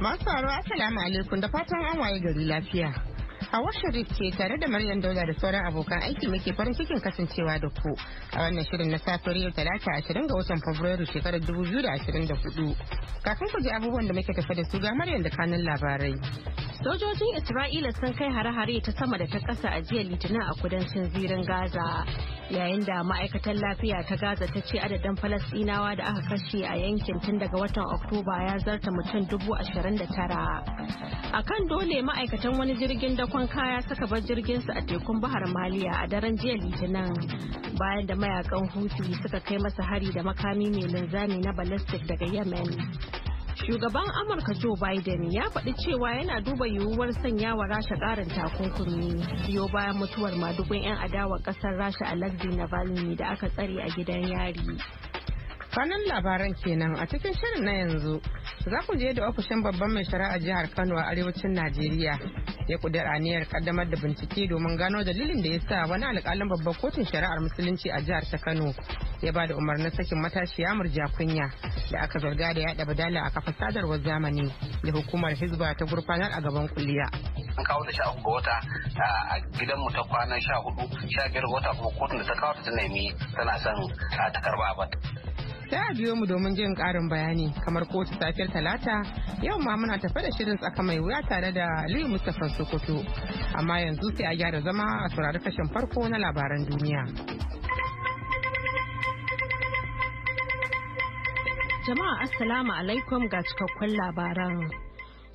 Masu haro Assalamu alaikum da fatan an waye gari lafiya. Hawar washe ce tare da Maryam Dauda da sauran abokan aiki muke farin cikin kasancewa da ku a wannan shirin na safiyar yau talata ashirin ga watan Fabrairu shekarar dubu biyu da ashirin da hudu. Kafin ku ji abubuwan da muke tafi da su ga Maryam da kanun labarai. Sojojin Isra'ila sun kai hare-hare ta sama da ta ƙasa a jiya Litinin a kudancin zirin Gaza. yayin da ma'aikatar lafiya ta gaza ta ce adadin Falasɗinawa da aka kashe a yankin tun daga watan oktoba ya zarta mutum dubu ashirin da tara a kan dole ma'aikatan wani jirgin dakon kaya suka bar jirginsu a tekun bahar maliya a daren jiya litinin bayan da mayakan hutu suka kai masa hari da makami mai linzami na balastik daga yemen Shugaban Amurka Joe Biden ya faɗi cewa yana duba yiwuwar sanya wa Rasha ƙarin takunkumi biyo bayan mutuwar madugun 'yan adawar ƙasar Rasha a Alexei Navalny da aka tsare a gidan yari. Fanin labaran kenan a cikin shirin na yanzu. za ku je da ofishin babban mai shari'a jihar kano a arewacin najeriya ya kudar aniyar kaddamar da bincike domin gano dalilin da ya sa wani alkalin babban kotun shari'ar musulunci a jihar ta kano ya ba da umarnin sakin matashiya murja kunya da aka zarga da yada badala a kafa sadarwar zamani da hukumar hizba ta gurfanar a gaban kuliya. an kawo ta sha ga wata a gidan ta kwana sha hudu sha biyar ga wata kuma kotun da ta kawo ta nemi tana son ta karba ba sai a biyo mu domin jin karin bayani kamar kowace safiyar talata yau ma muna tafe da shirin tsaka mai wuya tare da aliyu mustapha sokoto amma yanzu sai a gyara zama a saurari kashin farko na labaran duniya jama'a assalamu alaikum ga cikakkun labaran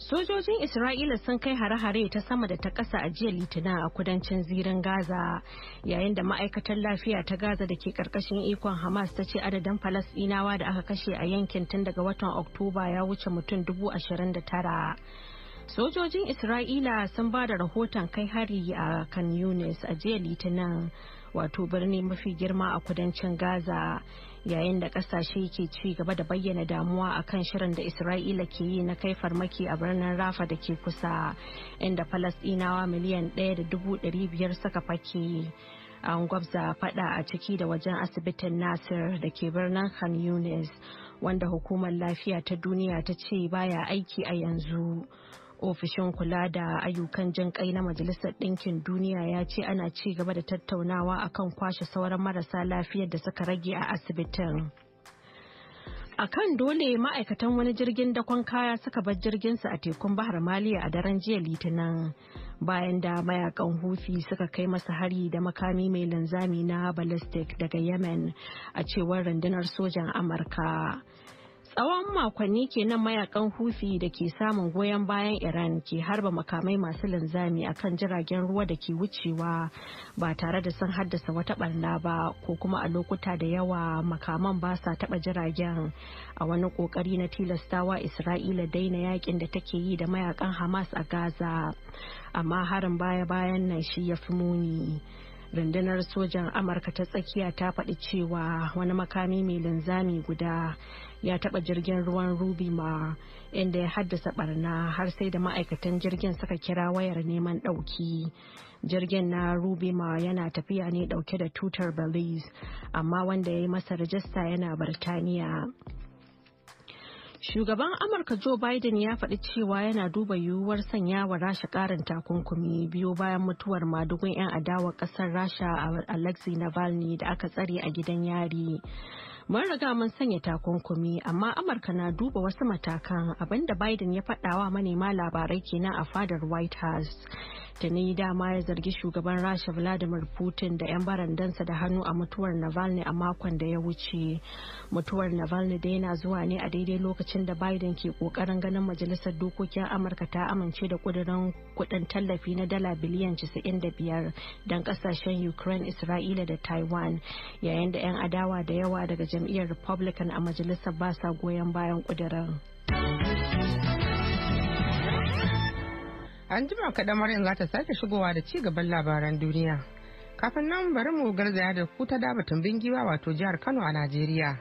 Sojojin Isra'ila sun kai hare-hare ta sama da ta ƙasa a jiya Litinin a kudancin zirin Gaza, yayin da ma'aikatar lafiya ta Gaza da ke ƙarƙashin ikon Hamas ta ce adadin Falasɗinawa da aka kashe a yankin tun daga watan Oktoba ya wuce mutum dubu ashirin da tara. Sojojin Isra'ila sun ba da rahoton kai hari a kan Yunis a jiya Litinin, wato birni mafi girma a kudancin Gaza. yayin da kasashe ke ci gaba da bayyana damuwa akan shirin da isra'ila ke yi na kai farmaki a birnin rafa da ke kusa inda falasdinawa miliyan ɗaya da dubu biyar suka fake an gwabza fada a ciki da wajen asibitin nasir da ke birnin khan yunis wanda hukumar lafiya ta duniya ta ce baya aiki a yanzu ofishin kula da ayyukan jin kai na majalisar ɗinkin duniya ya ce ana ci gaba da tattaunawa akan kwashe sauran marasa lafiyar da suka rage a asibitin a kan dole ma'aikatan wani jirgin dakon kaya suka bar jirginsu a tekun bahar maliya a daren jiya litinin bayan da mayakan hufi suka kai masa hari da makami mai linzami na ballistic daga yemen a cewar rundunar sojan amurka Tsawon makonni kenan mayakan hufi da ke samun goyon bayan Iran ke harba makamai masu linzami a kan jiragen ruwa da ke wucewa ba tare da sun haddasa wata barna ba ko kuma a lokuta da yawa makaman ba sa taba jiragen a wani kokari na tilastawa Isra'ila daina yakin da take yi da mayakan Hamas a Gaza. Amma harin baya-bayan nan shi ya fi muni. rundunar sojan amurka ta tsakiya ta faɗi cewa wani makami mai linzami guda ya taba jirgin ruwan rubi ma inda ya haddasa barna har sai da ma'aikatan jirgin suka kira wayar neman dauki jirgin na rubi ma yana tafiya ne dauke da tutar belize amma wanda ya yi masa rajista yana birtaniya Shugaban Amurka Joe Biden ya faɗi cewa yana duba yiwuwar sanya wa Rasha ƙarin takunkumi biyu bayan mutuwar madugun 'yan adawa ƙasar Rasha a Alexei Navalny da aka tsare a gidan yari. Mun riga mun sanya takunkumi amma Amurka na duba wasu matakan abinda Biden ya faɗawa manema labarai kenan a fadar White House. tuni dama ya zargi shugaban rasha vladimir putin da 'yan barandansa da hannu a mutuwar navalny a makon da ya wuce mutuwar navalny da yana zuwa ne a daidai lokacin da biden ke kokarin ganin majalisar dokokin amurka ta amince da kudirin kudin tallafi na dala biliyan 95 don kasashen ukraine isra'ila da taiwan yayin da 'yan adawa da yawa daga jam'iyyar republican a majalisar ba sa goyon bayan kudirin. An jima kaɗan Maryam za ta sake shigowa da ci gaban labaran duniya. Kafin nan bari mu garzaya da ku ta daba tumbin giwa wato jihar Kano a Najeriya.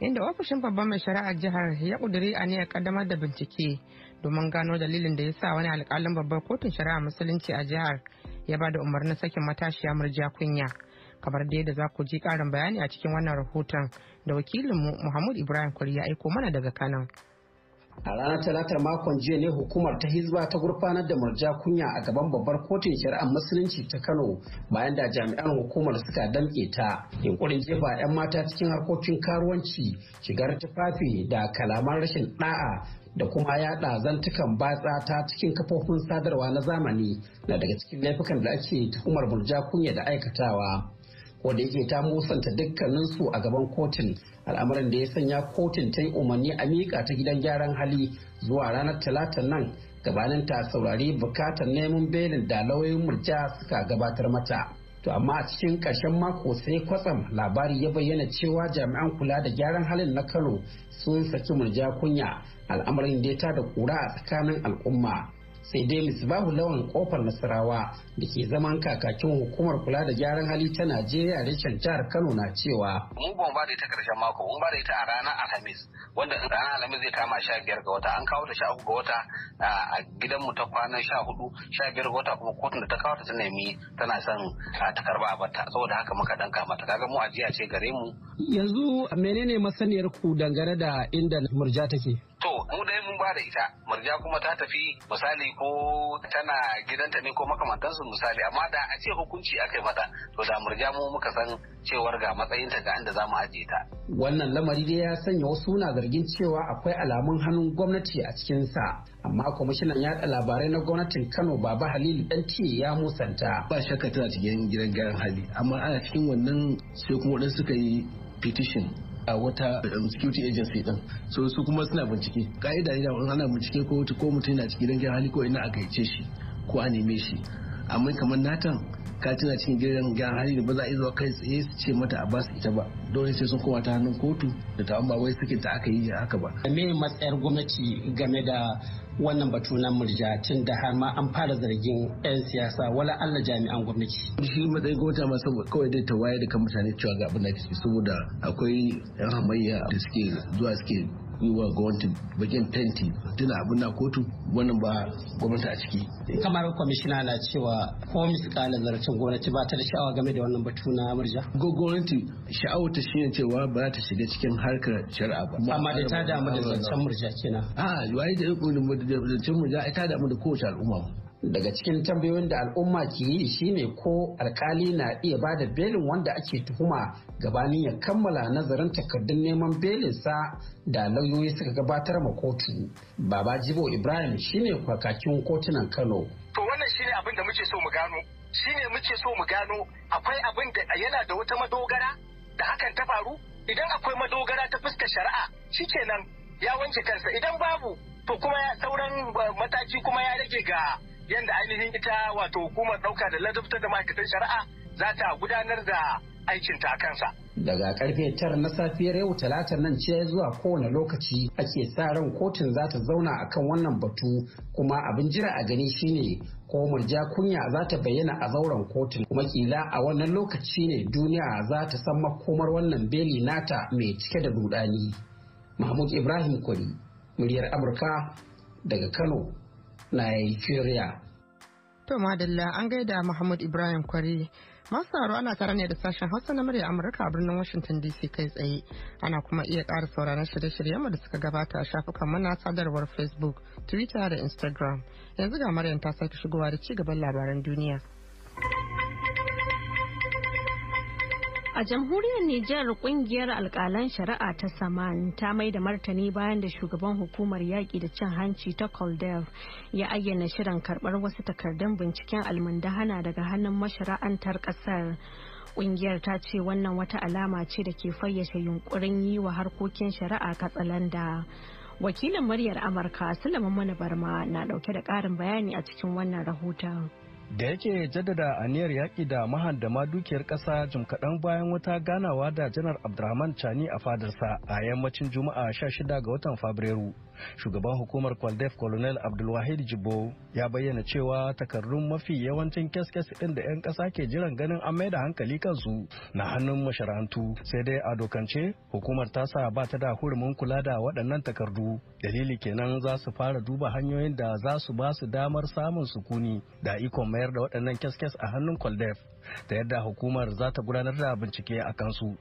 Inda ofishin babban mai shari'ar jihar ya ƙuduri aniyar kaddamar da bincike domin gano dalilin da ya sa wani alƙalin babbar kotun shari'a musulunci a jihar ya ba da umarnin sakin matashiya murja kunya. kamar da yadda za ku ji karin bayani a cikin wannan rahoton da wakilinmu Muhammad Ibrahim Kwari ya aiko mana daga Kano. a ranar talatar makon jiya ne hukumar ta hizba ta gurfanar da murja kunya a gaban babbar kotun shari'ar musulunci ta kano bayan da jami'an hukumar suka damƙe ta yunkurin jefa 'yan mata cikin harkokin karuwanci shigar tufafi da kalaman rashin ɗa'a da kuma yaɗa zantukan batsa ta cikin kafofin sadarwa na zamani na daga cikin laifukan da ake tuhumar murja kunya da aikatawa wanda yake ta musanta dukkanin su a gaban kotun al'amarin da ya sanya kotun ta yi umarni a miƙa ta gidan gyaran hali zuwa ranar Talata nan gabanin ta saurari bukatar neman belin da lauyoyin murja suka gabatar mata to amma a cikin ƙarshen mako sai kwatsam labari ya bayyana cewa jami'an kula da gyaran halin na kano sun saki murja kunya al'amarin da ya tada kura a tsakanin al'umma sai dai babu lawan kofar nasarawa da ke zaman kakakin hukumar kula da gyaran hali ta najeriya reshen jihar kano na cewa mu ba da ita karshen mako mun ba da ita a ranar alhamis wanda ranar alhamis zai kama sha biyar ga wata an kawo ta sha ga wata a gidanmu ta kwanan sha hudu sha biyar ga wata kuma kotun da ta kawo ta ta nemi tana son ta karba a bata saboda haka muka danka ta kaga mu ajiya ce gare mu yanzu menene masaniyar ku dangane da inda murja take to mu dai mun ba da ita marja kuma ta tafi misali ko tana gidanta ne ko makamantansu misali amma da a ce hukunci aka yi mata to da marja mu muka san cewar ga matsayinta ga inda zamu mu ajiye ta. wannan lamari dai ya sanya wasu na zargin cewa akwai alamun hannun gwamnati a cikinsa amma kwamishinan yaɗa labarai na gwamnatin kano baba halilu dan ce ya musanta. ba shakka tana cikin gidan gyaran hali amma ana cikin wannan sai kuma waɗansu suka yi petition a wata um, security agency din so su kuma suna bincike ka'ida ne da ana bincike ko mutum yana cikin gidan hali ko ina a gaice shi ko a neme shi amma kamar natan ka tuna cikin gidan gyaran hali da ba za a zuwa kai tsaye su ce mata a basu ita ba dole sai sun koma ta hannun kotu da ta ba wai sakin ta aka yi haka ba me matsayar gwamnati game da wannan batu na murja tun da har ma an fara zargin 'yan siyasa wala Allah jami'an gwamnati. Shi matsayin gwamnati ma saboda kawai dai ta waye da kan mutane cewa ga abin da saboda akwai 'yan hamayya da suke zuwa suke were going to begin fenti tuna abin na kotu wannan ba gwamnati a ciki. kamar kwamishina na cewa ko na zartin gwamnati ba ta da sha'awa game da wannan batu na murja. gwamnati sha'awar ta shine cewa ba za ta shiga cikin harkar shari'a ba. amma da ta damu da zancen murja kenan. Ah, a yi da zancen murja ai ta damu da kowace al'umma. daga cikin tambayoyin da al'umma ke yi shine ko alkali na iya ba da belin wanda ake tuhuma gabanin ya kammala nazarin takardun neman belin sa da lauyoyi suka gabatar ma kotu baba jibo ibrahim shine kwakakin kotunan kano to wannan shine abin da muke so mu gano shine muke so mu gano akwai abin da yana da wata madogara da hakan ta faru idan akwai madogara ta fuskar shari'a shikenan ya wanke kansa idan babu to kuma sauran mataki kuma ya rage ga yadda ainihin ita wato hukumar ɗauka da ladabtar da ma'aikatan shari'a za ta gudanar da aikinta a kansa. Daga karfe tar na safiyar yau Talata nan ce zuwa kowane lokaci ake sa ran kotun za ta zauna akan wannan batu kuma abin jira a gani shine ko murja kunya za ta bayyana a zauren kotun kuma kila a wannan lokaci ne duniya za ta san makomar wannan beli nata mai cike da rudani. Mahmud Ibrahim Kwari, muryar Amurka daga Kano. Nigeria. To Madalla an gaida Muhammad Ibrahim Kwari. Masu sauraro ana tare ne da sashen Hausa na murya Amurka a birnin Washington DC kai tsaye. Ana kuma iya ƙara sauraron shirye-shiryen da suka gabata a shafukan mana sadarwar Facebook, Twitter da Instagram. Yanzu ga Maryam ta sake shigowa da ci gaban labaran duniya. A jamhuriyar Nijar kungiyar alkalan shari'a ta Saman ta mai da martani bayan da shugaban hukumar yaƙi da cin hanci ta Koldev ya ayyana shirin karɓar wasu takardun binciken almundahana daga hannun mashara'antar ƙasar. Kungiyar ta ce wannan wata alama ce da ke fayyace yunkurin yi wa harkokin shari'a katsalanda. Wakilin muryar Amurka Sulaiman Mana Barma na ɗauke da ƙarin bayani a cikin wannan rahoton. da yake jaddada aniyar yaƙi da mahandama dukiyar ƙasa jim kaɗan bayan wata ganawa da janar abdurrahman chani a fadarsa a yammacin juma'a 16 ga watan fabrairu shugaban hukumar kwaldef colonel abdulwahid jibo ya bayyana cewa takardun mafi yawancin kyaskyas ɗin da 'yan ƙasa ke jiran ganin an mai da hankali kansu na hannun masharantu sai dai a dokance hukumar tasa ba ta da hurumin kula da waɗannan takardu dalili kenan za su fara duba hanyoyin da za su ba su damar samun sukuni da ikon mayar da waɗannan kyaskyas a hannun kwaldef da yadda hukumar za ta gudanar da bincike a kansu.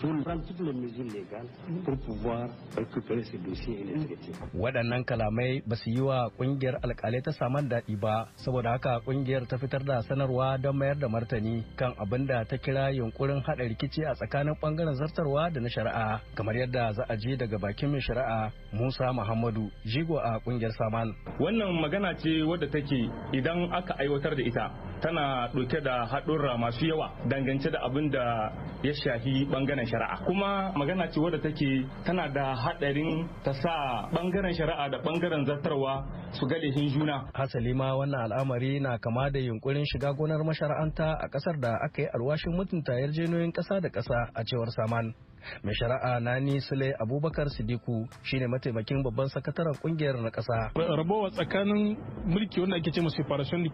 pour prendre toutes les mesures légales pour pouvoir récupérer ce dossier et Waɗannan kalamai ba su yi wa ƙungiyar alƙalai ta saman daɗi ba, saboda haka ƙungiyar ta fitar da sanarwa don mayar da martani kan abin da ta kira yunkurin haɗa rikici a tsakanin ɓangaren zartarwa da na shari'a, kamar yadda za a je daga bakin mai shari'a Musa Muhammadu Jigo a ƙungiyar Saman. Wannan magana ce wadda take idan aka aiwatar da ita tana ɗauke da haɗurra masu yawa dangance da abin da ya shafi bangaren shari'a kuma magana ce wadda take tana da haɗarin ta sa bangaren shari'a da bangaren zartarwa su ga hin juna hasali ma wannan al'amari na kama da yunkurin shiga gonar mashara'anta a ƙasar da aka yi alwashin mutunta yarjejeniyoyin ƙasa da ƙasa a cewar saman mai shari'a nani sule abubakar sidiku shine mataimakin babban sakataren kungiyar na kasa rabowa tsakanin mulki wanda ake ce masu separation di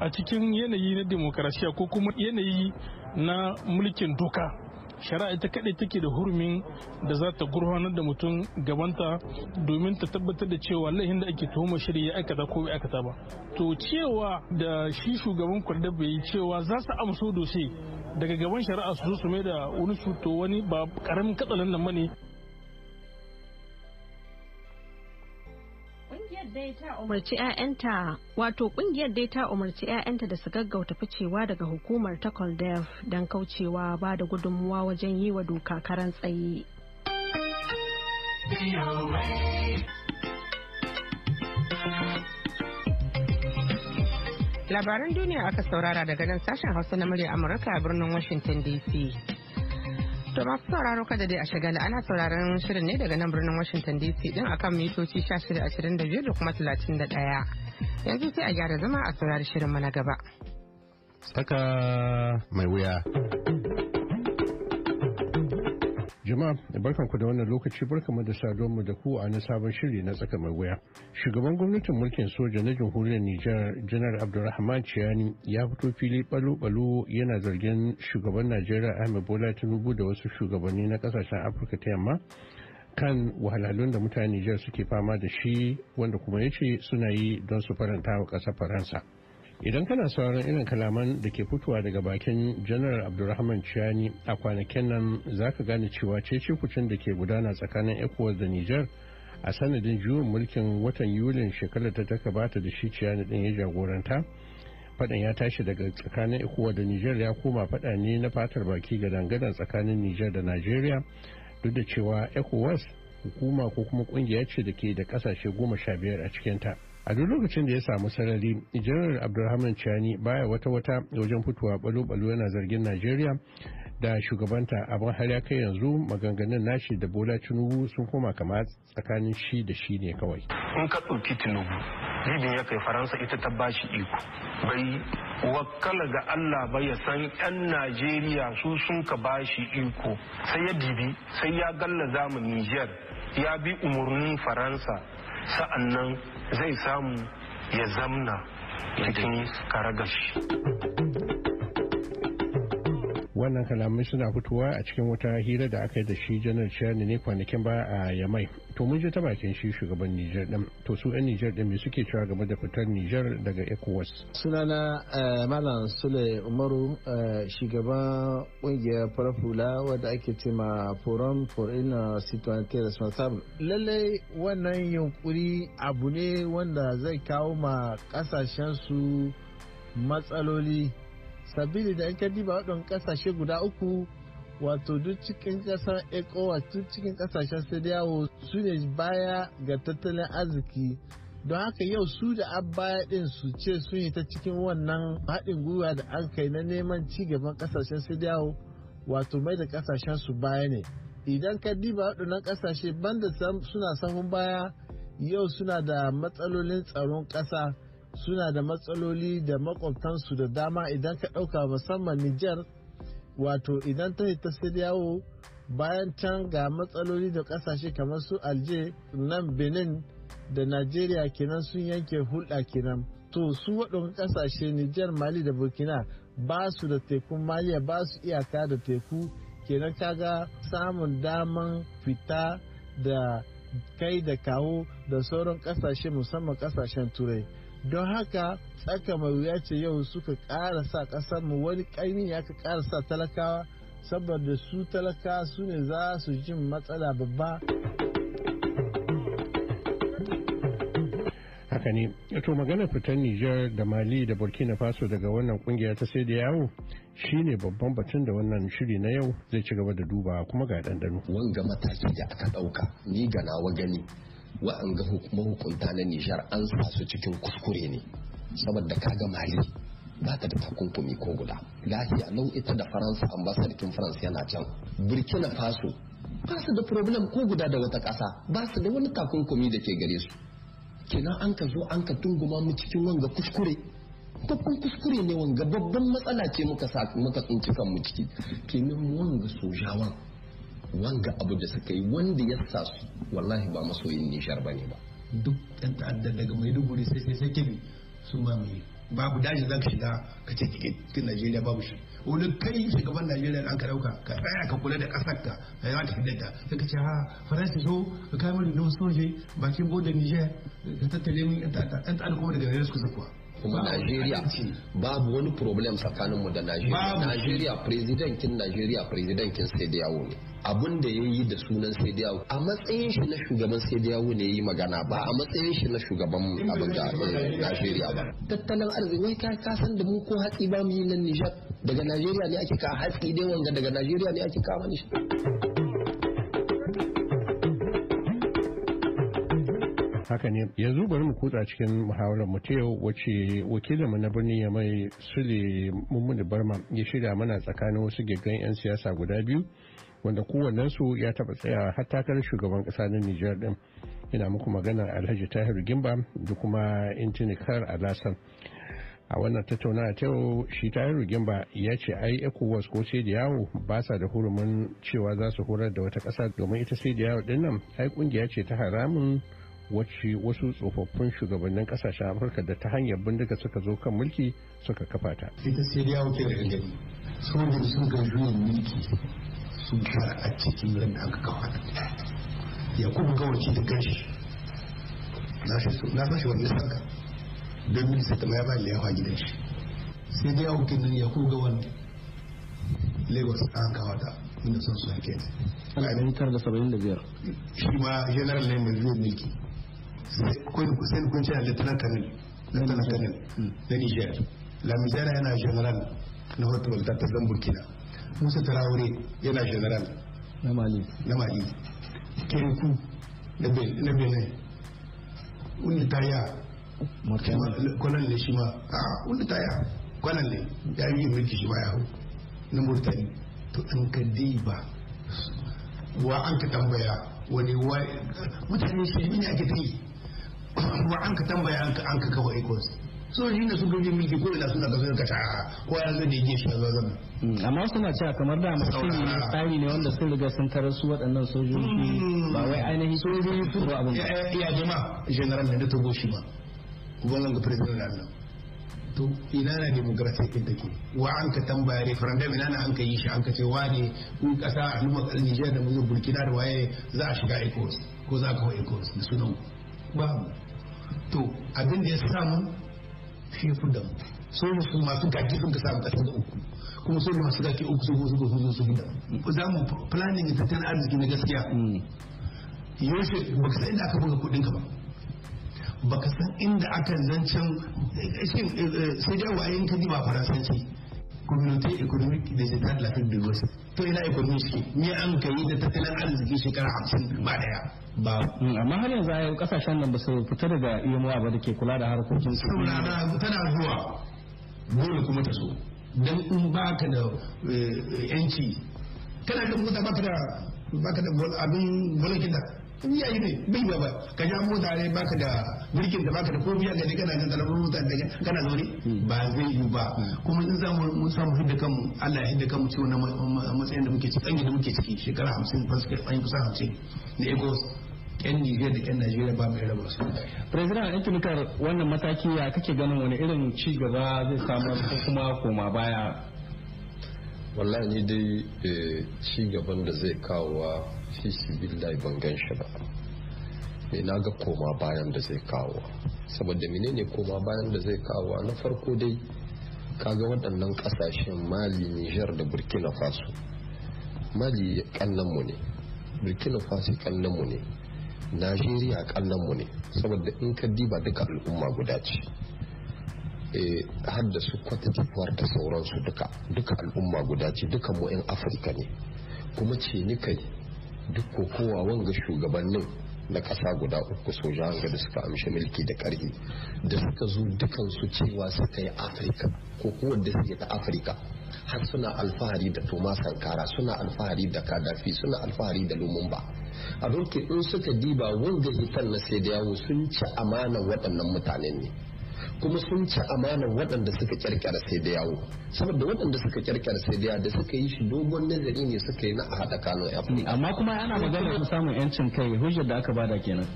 a cikin yanayi na demokarasiya ko kuma yanayi na mulkin doka shari'a ita kaɗai take da hurumin da za ta gurfanar da mutum gabanta domin ta tabbatar da cewa laihin da ake tuhumar shirya ya aikata ko bai aikata ba to cewa da shi shugaban kwalda bai cewa za su amso dose daga gaban shari'a su su mai da wani to wani ba karamin katsalan nan bane umarci 'ya'yanta wato kungiyar dai ta umarci 'ya'yanta da su gaggauta ficewa daga hukumar ta coldev don kaucewa ba da gudunmuwa wajen yi wa doka karan tsaye Labaran duniya aka saurara daga nan sashen Hausa na murya Amurka a birnin Washington DC. To masu sauraro kada dai a shagala ana sauraron shirin ne daga nan birnin Washington DC din akan mitoci 1625 da kuma 31. Yanzu sai a gyara zama a saurari shirin mana gaba. Saka mai wuya. Jama'a barkanku da wannan lokaci barkanmu da saduwarmu da ku a na sabon shiri na tsaka mai wuya. Shugaban gwamnatin mulkin soja na jamhuriyar Nijar Janar Abdulrahman Ciyani ya fito fili balo-balo yana zargin shugaban Najeriya Ahmed Bola Tinubu da wasu shugabanni na kasashen Afirka ta yamma kan wahalhalun da mutane Nijar suke fama da shi wanda kuma ya ce suna yi don su faranta wa ƙasar Faransa. idan kana sauran irin kalaman da ke fitowa daga bakin janar abdulrahman ciyani a kwanakin nan za ka gane cewa cecekucin da ke gudana tsakanin ecuador da niger a sanadin juyin mulkin watan yulin shekarar ta taka bata da shi ciyani din ya jagoranta fadan ya tashi daga tsakanin ecuador da niger ya koma fada ne na fatar baki ga dangadan tsakanin niger da nigeria duk da cewa Ekowas hukuma ko kuma kungiya ce da ke da kasashe goma sha biyar a cikinta. a duk lokacin da ya samu sarari janar abdulrahman chani baya wata wata wajen fitowa balo-balo yana zargin najeriya da shugabanta abin har ya kai yanzu maganganun nashi da bola tinubu sun koma kama tsakanin shi da shi ne kawai in ka ɗauki tinubu libya ya kai faransa ita ta bashi iko bai wakala ga allah ba ya san yan najeriya su sun ka ba shi iko sai ya dibi sai ya galla zamu niger ya bi umarnin faransa sa'annan zai samu ya zamna cikin karagashi. wannan kalamai suna fitowa a cikin wata hira da aka yi da shi janar shani ne kwanakin ba a yamai to mun je ta bakin shi shugaban nijar din to su yan nijar din me suke cewa game da fitar nijar daga ecowas sunana eh, malam sule umaru eh, shugaban kungiyar farfula wadda ake ce ma forum for ina situante responsable lallai wannan yunkuri abu ne wanda zai kawo ma kasashen su matsaloli sabili da in ka diba waɗannan ƙasashe guda uku wato duk cikin ƙasar ecowas duk cikin ƙasashen sai su ne baya ga tattalin arziki don haka yau su da abaya ɗin su ce sun yi ta cikin wannan haɗin gwiwa da an kai na neman ci gaban ƙasashen sai wato mai da ƙasashen su baya ne idan ka diba waɗannan ƙasashe banda suna sahun baya yau suna da matsalolin tsaron ƙasa suna da matsaloli da makwabtansu da dama idan ka ɗauka musamman Nijar wato idan ta ta yawo bayan can ga matsaloli da ƙasashe kamar su Alje nan Benin da Najeriya kenan sun yanke hulɗa kenan. To su waɗanda ƙasashe Nijar Mali da Burkina ba su da tekun Maliya ba su iyaka da teku kenan kaga samun daman fita da kai da kawo da sauran ƙasashe musamman ƙasashen Turai. don haka tsaka mai wuya ce yau suka ƙara sa ƙasar mu wani ƙaimi ya ka ƙara sa talakawa saboda su talaka su ne za su jin matsala babba haka ne to maganar fitar Nijar da Mali da Burkina Faso daga wannan kungiya ta sai da yawo shine babban batun da wannan shiri na yau zai ci gaba da duba kuma ga dandano wanga mataki da aka dauka ni ga nawa gani wa'anga mahukunta na nijar an sa su cikin kuskure ne saboda kaga mali ba ta da takunkumi ko guda lafiya nau ita da faransa sarkin faransa yana can burkina faso ba su da problem ko guda da wata ƙasa ba su da wani takunkumi da ke gare su kenan an ka zo an ka tunguma mu cikin wanga kuskure babban kuskure ne wanga babban matsala ce muka tsinci mu ciki kenan wanga sojawan wanga abu da suka yi wanda ya sa su wallahi ba masoyin nishar ba ne ba duk ɗan ta'adda daga mai duburi sai sai sai kebi su mai babu daji za shiga ka ce cikin najeriya babu shi wani kai shugaban najeriya da an ka dauka ka tsaya ka kula da kasar ka ka yi ta hidda sai ka ce ha faransa so ka kai da na soje bakin bodin niger ka tattale min yan ta'adda kuma daga najeriya suka kuwa kuma Najeriya babu wani problem tsakaninmu da Najeriya. Najeriya presidentin Najeriya presidentin sai da yawo ne. abun da ya yi da sunan sai a matsayin shi na shugaban sai da yawo ne ya yi magana ba a matsayin shi na shugaban abin da eh, Najeriya ba tattalin arziki wai ka san da mu ko hatsi ba mu yi nan Nijar daga Najeriya ne ake kawo hatsi dai wanga daga Najeriya ne ake kawo ni haka ne yanzu bari mu kutsa cikin muhawarar mu ta yau wace wakilin mu na birni ya mai sule mummuni barma ya shirya mana tsakanin wasu gaggan yan siyasa guda biyu wanda kowannensu ya taba tsaya har takarar shugaban ƙasa na Nijar ɗin. Ina muku magana Alhaji Tahir Gimba da kuma Intinikar Alasan. a wannan tattaunawa ta yau shi Tahir gimba ya ce ai ecowas ko sai da yawo ba sa da hurumin cewa za su horar da wata kasa domin ita sai da yawo din ai kungiya ce ta haramun wacce wasu tsofaffin shugabannin kasashen afirka da ta hanyar bindiga suka zo kan mulki suka kafa ta ita sai da yawo ke da gani sun sun gaji mulki sun fara a cikin ran da aka kawo ya kuma gawarci da gashi na fashe wani saka don mil sai ya ba liyafa gidan shi sai dai yawon nan ya kuma gawan lagos an kawo ta inda sun su hake ne a ɗari tar da saba'in da biyar shi ma general ne mai zuwa mulki sai kun ce lieutenant colonel lieutenant colonel na niger lamizera yana general na hotel ta zan burkina musa taraure yana general na mali na mali kiriku na benin wanda ta ya kwanan da shi ma a wani ta ya kwanan ne ya yi mulki shi ma ya hau na murtani to an ka ba wa an ka tambaya wani wa mutane shi ne ake ta yi wa an ka tambaya an ka kawai ecos yi da suka je mulki ko ina suna kasar kasha ko ya da je shi zo zama hmm, amma suna cewa kamar da mutum ne tsari ne wanda sun riga sun tarar su waɗannan sojoji hmm. ba wai ainihin sojoji su ba abin eh, ya jama'a general na da ta goshi ba kuma ga president Allah to ina na demokrasi din take wa an ka tambaya referendum ina na an ka yi shi an ka ce wane kun kasa al'umma Niger da mu Burkina da waye za a shiga ECOWAS ko za ka hawa ECOWAS da sunan Ba. to abin da ya samu cikin sudan so masu gaki sun ka samu kasar da uku kuma so masu gaki uku sun zo sun zo sun za mu planning da tattalin arziki na gaskiya hmm. yaushe ba ka san inda aka buga kudinka ba ba ka san inda aka zancen eh, eh, eh, sai dai wayan ka ba faransanci communauté économique des états de l'Afrique de l'Ouest to ina ni an da tattalin arziki shekara 50 ba daya ba amma har yanzu kasashen nan ba su fita daga e yamuwa ba da ke kula da harkokin su saboda tana zuwa dole kuma ta so dan in baka da eh, yanci kana da mota da baka da abin Ni da yi ne bai ba ka ja mota ne baka da mulkin da baka da komai ga ne kana jin talabun mutane da kana zaune hmm. ba zai yiwu ba kuma in za mu samu hidda kanmu Allah ya hidda kanmu ci wannan matsayin da muke ciki ɗan da muke ciki shekara hamsin an kusa hamsin ne ego yan Nijar da yan Najeriya ba mai raba su. President yan tunikar wannan mataki ya kake ganin wani irin ci gaba zai samar ko kuma koma baya. Wallahi ni dai eh, ci gaban da zai kawo wa fi sibil ban gan shi ba. ne eh, na ga koma bayan da zai kawo saboda menene koma bayan da zai kawo na farko dai kaga waɗannan ƙasashen mali nijar da burkina faso mali mu ne burkina faso mu ne najeriya mu ne saboda in ka diba duka al'umma guda ce eh, har da su jifuwar da sauransu duka duka al'umma guda ce duka mu 'yan afirka ne kuma ce ni kai duk kokowa wanga shugabannin na kasa guda uku sojan da suka amshi mulki da karfi da suka zo dukansu cewa suka yi afirka ko kuwa da suke ta afirka har suna alfahari da toma sankara suna alfahari da kadafi suna alfahari da lumumba abin in suka diba wanda hitar na sai da yawo sun ci amana waɗannan mutanen ne kuma sun ci amana waɗanda suka kirkira sai da yawo saboda waɗanda suka kirkira sai da da suka yi shi dogon nazari ne suka yi na a haɗa kano ya hmm, amma kuma ana magana samun yancin kai hujjar da aka bada kenan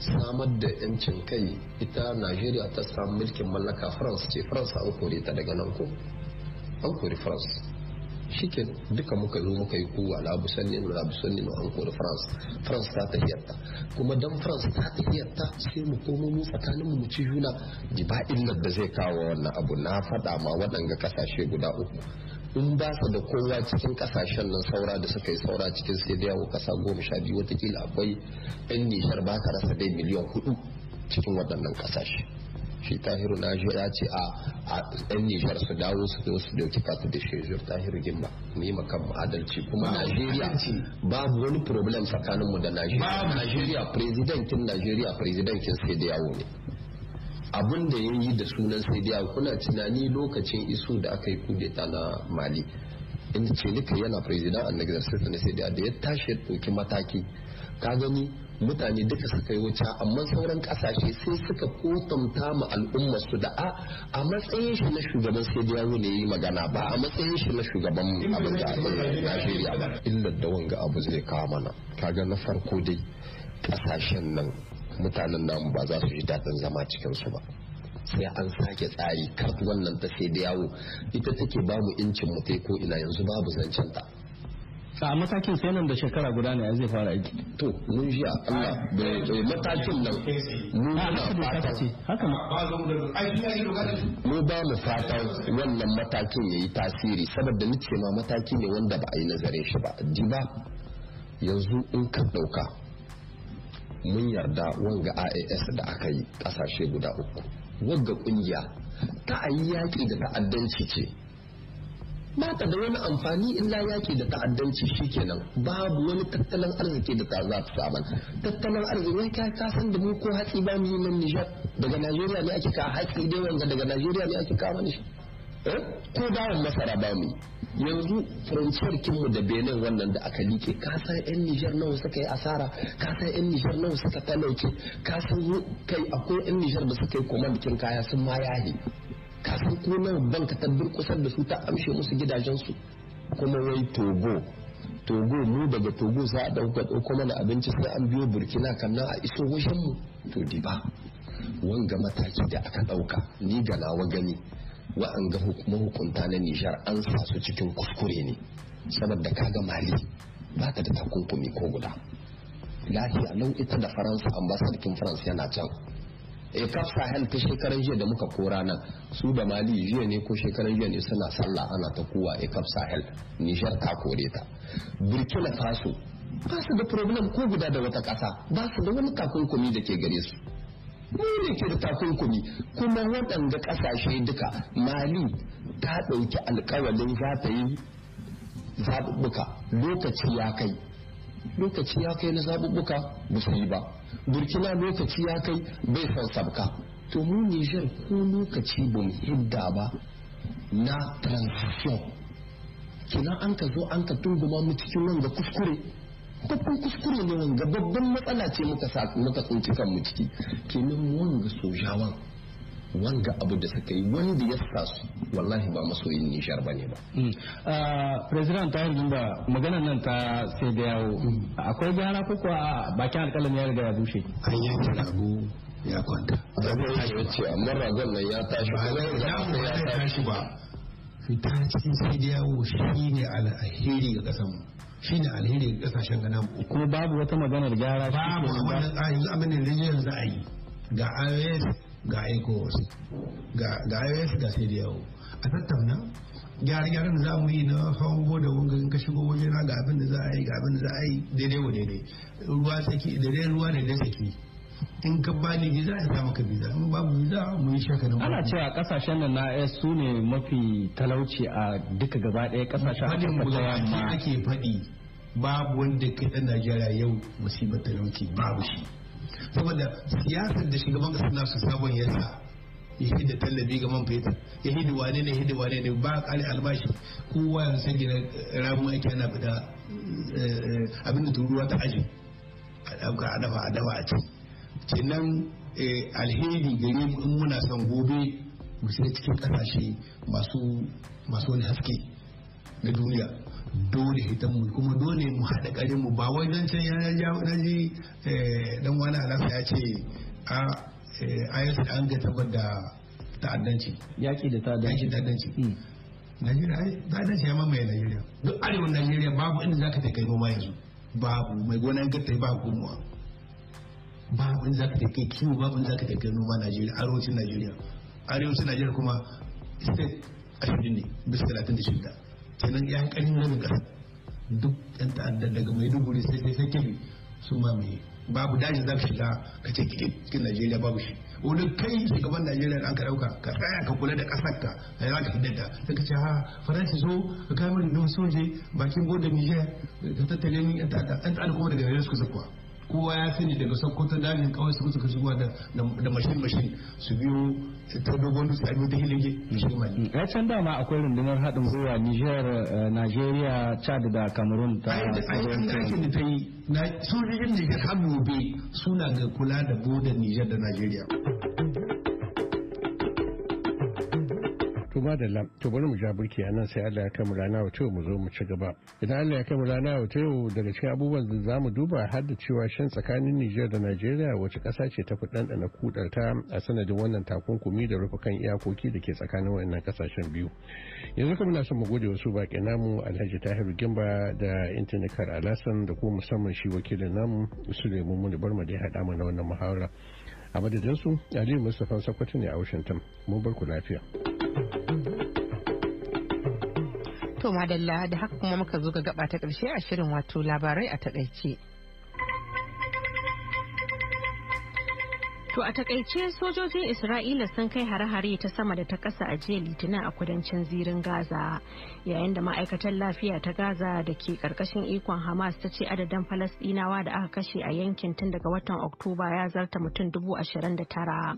samar da yancin kai ita najeriya ta samu mulkin mallaka france ce france an kore ta daga nan ko an kori france shikin duka muka zo muka yi kowa la abu sanni la abu sanni an kore France France ta ta kuma dan France ta ta sai mu komo mu tsakanin mu ci juna jiba'in nan ba zai kawo wannan abu na faɗa ma waɗanga kasashe guda uku in ba su da kowa cikin kasashen nan saura da suka yi saura cikin sai da yawo kasa goma sha biyu watakila akwai yan nishar ba ka rasa dai miliyan hudu cikin waɗannan kasashe shi tahiru na ya ce a yan nijar su dawo su zo su dauki fatu da shezur tahiru gimba mu yi makan adalci kuma najeriya babu wani problem tsakanin mu da najeriya najeriya presidentin najeriya presidentin sai da yawo ne abun da ya yi da sunan sai kuna tunani lokacin iso da aka yi kudeta na mali inda ce nika yana president an na sai da ya tashi ya ɗauki mataki ka gani mutane duka suka yi wuta amma sauran kasashe sai suka kotamta ma al'ummar su da a matsayin shi na shugaban sai da yaro ne yi magana ba a matsayin shi na shugaban abin da Najeriya ba illar da wanga abu zai kawo mana kaga na farko dai kasashen nan mutanen namu ba za su ji daɗin zama cikin su ba sai an sake tsari kar wannan ta sai da yawo ita take bamu incin mu ko ina yanzu babu zancen ta a matakin sai nan da shekara guda ne zai fara aiki to mun shi Allah da matakin nan mu ah, na fata haka ma mu ba mu fata wannan matakin yayi tasiri saboda nace ma mataki ne wanda ba a yi nazarin shi ba ji ba yanzu in ka dauka mun yarda wanga IAS da aka yi kasashe guda uku wanga kungiya ta ayi yaki da ta'addanci ce ba da wani amfani in illa yaki da ta'addanci shikenan babu wani tattalin arziki da ta za ta samu tattalin arziki kai ka san da mu ko hatsi ba mu yi nan Nijar daga Najeriya ne ake ka hatsi dai wanda daga Najeriya ne ake ka mani eh ko bawan masara ba mu yanzu furanciyar kinmu da benin wannan da aka like ka san yan nijar nawa suka yi asara ka san yan nijar nawa suka talauke ka san kai akwai yan nijar da suka yi komandikin kaya sun ma yahi ka san ko nan banka ta durkusar da su ta amshe musu gidajensu kuma wai togo togo mu daga togo za a ɗauka ɗauko mana abinci sai an biyo burkina kan nan a iso wajen mu to di ba wanga mataki da aka ɗauka ni ga nawa gani wa'anga mahukunta na nijar an sa su cikin kuskure ne saboda kaga mali ba ta da takunkumi ko guda lafiya nan ita da faransa Sarkin faransa yana can Eh, kaf sahel ta shekaran jiya da muka kora nan su da mali jiya ne ko shekaran jiya ne suna sallah ana ta kowa kaf sahel nishar ta kore ta burkina faso ba su da problem ko guda da wata kasa ba su da wani takunkumi da ke gare su mu ne ke da takunkumi kuma waɗanda ƙasashe duka mali ta ɗauki alkawalin za ta yi zaɓuɓɓuka lokaci ya kai lokaci ya kai na zaɓuɓɓuka ba su yi ba burkina lokaci ya kai bai son sabka to mu nijar ko lokaci ba mu hidda ba na transition kina an ka zo an ka tunguma mu cikin wanga kuskure babban kuskure ne wanga babban matsala ce muka sa tsinci kan mu ciki kenan wanga sojawan wanga abu da suka yi wanda ya sa su wallahi ba masoyin nishar ba ne ba. Hmm. Ah, president ta yi magana nan ta sai da yawo hmm. akwai gyara ko kuwa ah, bakin alƙalin ya riga ya bushe. an yanke rago ya kwanta. zagon ya ce amma ragon nan ya tashi ba ya tashi ba. fita cikin sai da yawo shi ne alheri ga mu shi ne alheri ga ƙasashen gana kuma babu wata maganar gyara. babu a wannan tsarin yanzu abin da yanzu a yi ga IOS ga ecos ga ios ga cdo a tattauna gyare-gyaren da za mu yi na hango da wanga ka shigo waje na ga abin da za a yi ga abin da za a yi daidai wa daidai ruwa tsaki daidai ruwa daidai tsaki in ka ba ni visa in samu ka biza in babu giza. mu yi shaka da ana cewa kasashen da na es su ne mafi talauci a duka gaba ɗaya kasashen afirka ta yamma ake faɗi babu wanda ke ɗan najeriya yau musibar talauci babu shi saboda siyasar da shugaban kasar su sabon ya sa ya hidda tallafi ga man fetur ya hidda wane ne hidda wane ne ba kare albashi kowa ya san gina ramun aiki yana fita eh, abin da turuwa ta aji a a dafa a dafa a ci nan eh, alheri gari in muna son gobe mu shiga cikin kasashe masu wani haske na duniya dole ita mu kuma dole mu haɗa ƙarin mu ba wai don can ya ji eh, dan wani alaƙa ya ce a ayyansu eh, an ga tabbar da ta'addanci yaƙi da ta'addanci ta'addanci hmm. Najeriya ai ta'addanci ya mamaye Najeriya duk arewa Najeriya babu inda ka ta kai noma yanzu babu mai gona gonan gatta ba gumuwa babu inda ka ta kai kiwo babu inda ka ta kai noma Najeriya arewacin Najeriya arewacin Najeriya kuma state ashirin ne bis talatin da shida kenan ya yi wani gasa duk ɗan ta'addar daga maiduguri sai sai sai kebe su mamaye babu daji za ka shiga ka ce cikin najeriya babu shi wani kai shugaban najeriya da aka dauka ka tsaya ka kula da kasar ka da za ka fi da sai ka ce ha faransa so ka kai mini don soje bakin bodin niger ka tattale ni yan ta'adda kuma daga yanzu suka zakuwa kowa ya sani daga sokoto dalilin kawai su suka shigo da mashin mashin su biyo ta dogon su abin da ta hilinge shi mali ya mm. can dama akwai rundunar haɗin gwiwa niger eh, nigeria chad da cameroon ta aikin da ta yi sojojin niger har gobe suna ga kula da bodar niger da nigeria ba da lam to bari mu ja burki a nan sai Allah ya kai mu rana wa mu zo mu ci gaba idan Allah ya kai mu rana wa daga cikin abubuwan da za mu duba har da cewa shan tsakanin Nijar da Najeriya wace ƙasa ce ta fi ɗanɗana kudarta a sanadin wannan takunkumi da rufe kan iyakoki da ke tsakanin wannan ƙasashen biyu yanzu kuma muna son mu gode wasu baƙi namu Alhaji Tahir Gimba da intanet kar Alasan da kuma musamman shi wakilin namu Suleiman Muni Barma da ya haɗa mu na wannan muhawara a madadinsu Aliyu Mustapha Sakwato ne a Washington mun bar ku lafiya. To madalla da haka kuma muka zo ga gaba ta karshe a shirin wato labarai a takaice. To a takaice sojojin Isra'ila sun kai hare-hare ta sama da ta ƙasa a jiya litinin a kudancin zirin Gaza yayin da ma'aikatan lafiya ta Gaza da ke ƙarƙashin ikon Hamas ta ce adadin Falasɗinawa da aka kashe a yankin tun daga watan Oktoba ya zarta mutum dubu ashirin da tara.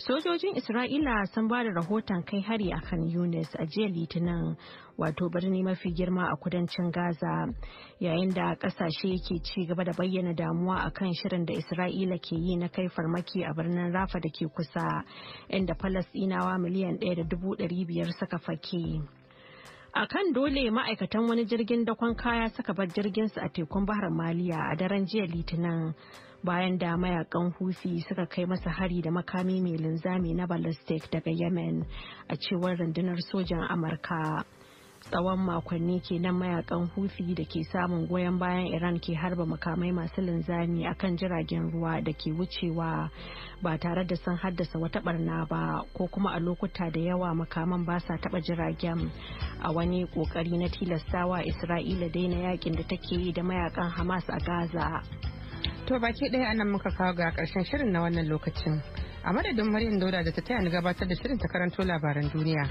Sojojin Isra'ila sun ba da rahoton kai hari a kan Yunis a jiya Litinin wato birni mafi girma a kudancin Gaza yayin da kasashe ke ci gaba da bayyana damuwa a kan shirin da Isra'ila ke yi na kai farmaki a birnin Rafa da ke kusa inda Falasɗinawa miliyan ɗaya da dubu ɗari biyar suka fake. a kan dole ma'aikatan wani jirgin dakon kaya suka bar jirginsu a tekun bahar maliya a daren jiya litinin bayan da mayakan husi suka kai masa hari da makami mai linzami na ballistic daga yemen a cewar rundunar sojan amurka tsawon makonni kenan mayakan hufi da ke samun goyon bayan iran ke harba makamai masu linzami a kan jiragen ruwa da ke wucewa ba tare da sun haddasa wata barna ba ko kuma a lokuta da yawa makaman ba sa taba jiragen a wani kokari na tilastawa isra'ila daina yakin da take yi da mayakan hamas a gaza to baki ɗaya anan muka kawo ga ƙarshen shirin na wannan lokacin a madadin maryam dauda da ta taya ni gabatar da shirin ta karanto labaran duniya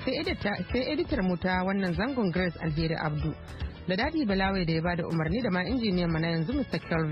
sai editar mu ta wannan zangon grace alheri abdu da dadi balawai da ya bada umarni da ma injiniyan mana yanzu mr kelvin